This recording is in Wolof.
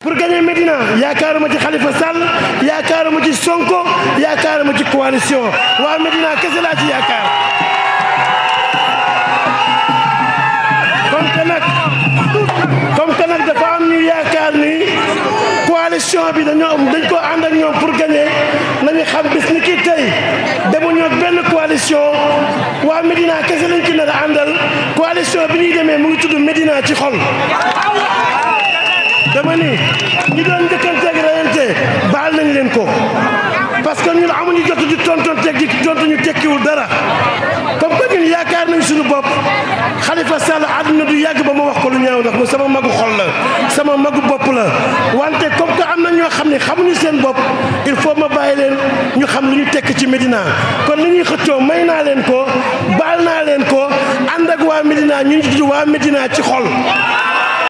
pour gagner Médina yaakaaruma ci Khalifa Sall yaakaaruma ci Sonko yaakaaruma ci coalition waa Médina kese laa ci yaakaar comme que nag comme que nag am ñu yaakaar ni coalition bi dañoo am dañ ko ànd pour gagner nañu xam bis ni ki tey demuñu benn coalition waa Médina kese lañ ci nar a àndal coalition bi ñuy demee mu ngi tudd Médina ci xol dama ni ñi doon njëkkanteeg reyante baal nañ leen ko parce que ñun amuñu jot di tontonteeg di tontu ñu tekkiwul dara comme que ñun yaakaar nañ suñu bopp xalifa Sall àdduna du yàgg ba ma wax ko lu ñaaw ndax mu sama magu xol la sama magu bopp la wante comme que am na ñoo xam ne xamuñu seen bopp il faut ma bàyyi leen ñu xam lu ñu tekk ci Médina kon li ñuy xëccoo may naa leen ko baal naa leen ko ànd ak waa Médina ñu ngi tudd waa Médina ci xol